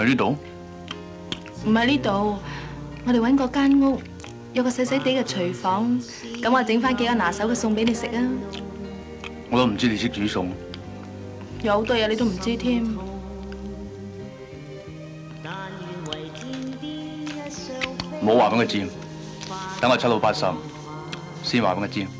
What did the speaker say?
喺呢度？唔喺呢度，我哋揾嗰間屋，有個細細地嘅廚房，咁我整翻幾個拿手嘅餸俾你食啊！我都唔知你識煮餸，有好多嘢，你都唔知添。冇話俾佢知，等我七到八十先話俾佢知。